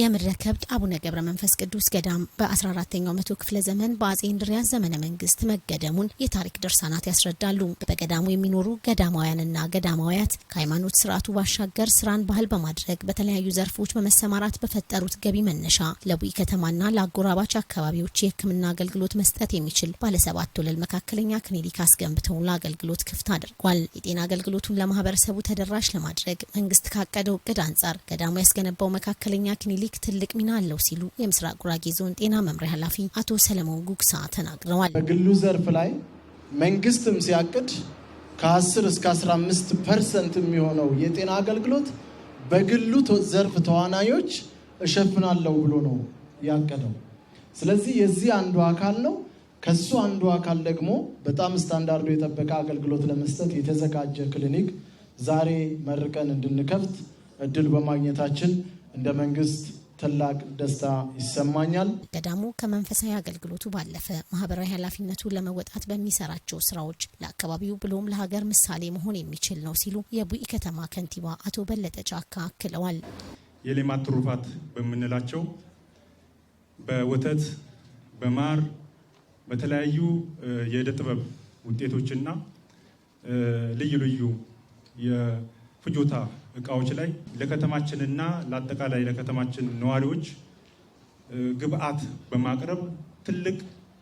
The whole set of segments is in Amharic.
የምድረ ከብድ አቡነ ገብረ መንፈስ ቅዱስ ገዳም በ14ኛው መቶ ክፍለ ዘመን በአጼ እንድሪያስ ዘመነ መንግስት መገደሙን የታሪክ ድርሳናት ያስረዳሉ። በገዳሙ የሚኖሩ ገዳማውያንና ገዳማውያት ከሃይማኖት ስርዓቱ ባሻገር ስራን ባህል በማድረግ በተለያዩ ዘርፎች በመሰማራት በፈጠሩት ገቢ መነሻ ለቡኢ ከተማና ለአጎራባች አካባቢዎች የሕክምና አገልግሎት መስጠት የሚችል ባለሰባት ወለል መካከለኛ ክሊኒክ አስገንብተው ለአገልግሎት ክፍት አድርጓል። የጤና አገልግሎቱን ለማህበረሰቡ ተደራሽ ለማድረግ መንግስት ካቀደው እቅድ አንጻር ገዳሙ ያስገነባው መካከለኛ ክሊኒክ ሚኒሊክ ትልቅ ሚና አለው ሲሉ የምስራቅ ጉራጌ ዞን ጤና መምሪያ ኃላፊ አቶ ሰለሞን ጉግሳ ተናግረዋል። በግሉ ዘርፍ ላይ መንግስትም ሲያቅድ ከ10 እስከ 15 ፐርሰንት የሚሆነው የጤና አገልግሎት በግሉ ዘርፍ ተዋናዮች እሸፍናለሁ ብሎ ነው ያቀደው። ስለዚህ የዚህ አንዱ አካል ነው። ከሱ አንዱ አካል ደግሞ በጣም ስታንዳርዱ የጠበቀ አገልግሎት ለመስጠት የተዘጋጀ ክሊኒክ ዛሬ መርቀን እንድንከፍት እድል በማግኘታችን እንደ መንግስት ታላቅ ደስታ ይሰማኛል። ገዳሙ ከመንፈሳዊ አገልግሎቱ ባለፈ ማህበራዊ ኃላፊነቱ ለመወጣት በሚሰራቸው ስራዎች ለአካባቢው ብሎም ለሀገር ምሳሌ መሆን የሚችል ነው ሲሉ የቡኢ ከተማ ከንቲባ አቶ በለጠ ጫካ አክለዋል። የሌማት ትሩፋት በምንላቸው በወተት፣ በማር፣ በተለያዩ የእደ ጥበብ ውጤቶችና ልዩ ልዩ የፍጆታ እቃዎች ላይ ለከተማችንና ለአጠቃላይ ለከተማችን ነዋሪዎች ግብአት በማቅረብ ትልቅ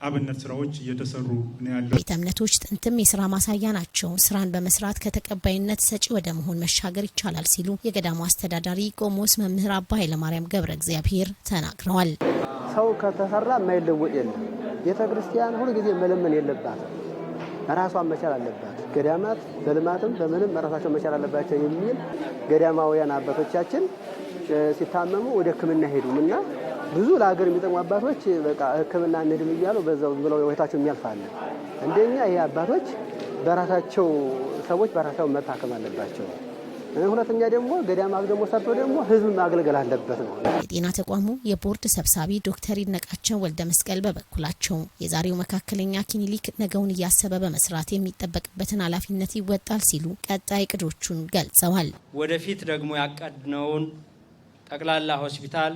አብነት ስራዎች እየተሰሩ ነው ያለው። ቤተ እምነቶች ጥንትም የስራ ማሳያ ናቸው። ስራን በመስራት ከተቀባይነት ሰጪ ወደ መሆን መሻገር ይቻላል ሲሉ የገዳሙ አስተዳዳሪ ቆሞስ መምህር አባ ኃይለማርያም ገብረ እግዚአብሔር ተናግረዋል። ሰው ከተሰራ የማይለወጥ የለም። ቤተ ክርስቲያን ሁልጊዜ መለመን የለባትም። ራሷን መቻል አለባት። ገዳማት በልማትም በምንም ራሳቸው መቻል አለባቸው የሚል ገዳማውያን አባቶቻችን ሲታመሙ ወደ ሕክምና ሄዱም እና ብዙ ለሀገር የሚጠቅሙ አባቶች በቃ ሕክምና እንድም እያሉ በዛው ብለው ህይወታቸው የሚያልፋለ እንደኛ ይሄ አባቶች በራሳቸው ሰዎች በራሳቸው መታከም አለባቸው። ሁለተኛ ደግሞ ገዳማት ደግሞ ሰርቶ ደግሞ ህዝብ ማገልገል አለበት ነው። የጤና ተቋሙ የቦርድ ሰብሳቢ ዶክተር ይድነቃቸው ወልደ መስቀል በበኩላቸው የዛሬው መካከለኛ ክሊኒክ ነገውን እያሰበ በመስራት የሚጠበቅበትን ኃላፊነት ይወጣል ሲሉ ቀጣይ እቅዶቹን ገልጸዋል። ወደፊት ደግሞ ያቀድነውን ጠቅላላ ሆስፒታል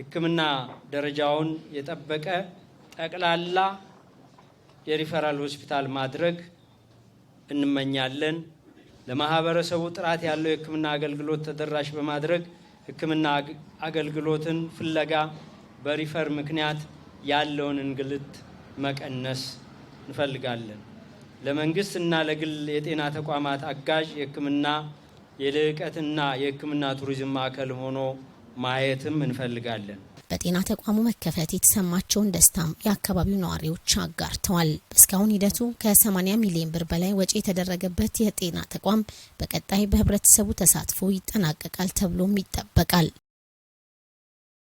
ህክምና ደረጃውን የጠበቀ ጠቅላላ የሪፈራል ሆስፒታል ማድረግ እንመኛለን። ለማህበረሰቡ ጥራት ያለው የህክምና አገልግሎት ተደራሽ በማድረግ ህክምና አገልግሎትን ፍለጋ በሪፈር ምክንያት ያለውን እንግልት መቀነስ እንፈልጋለን። ለመንግስት እና ለግል የጤና ተቋማት አጋዥ የህክምና የልዕቀትና የህክምና ቱሪዝም ማዕከል ሆኖ ማየትም እንፈልጋለን። በጤና ተቋሙ መከፈት የተሰማቸውን ደስታም የአካባቢው ነዋሪዎች አጋርተዋል። እስካሁን ሂደቱ ከ80 ሚሊዮን ብር በላይ ወጪ የተደረገበት የጤና ተቋም በቀጣይ በህብረተሰቡ ተሳትፎ ይጠናቀቃል ተብሎም ይጠበቃል።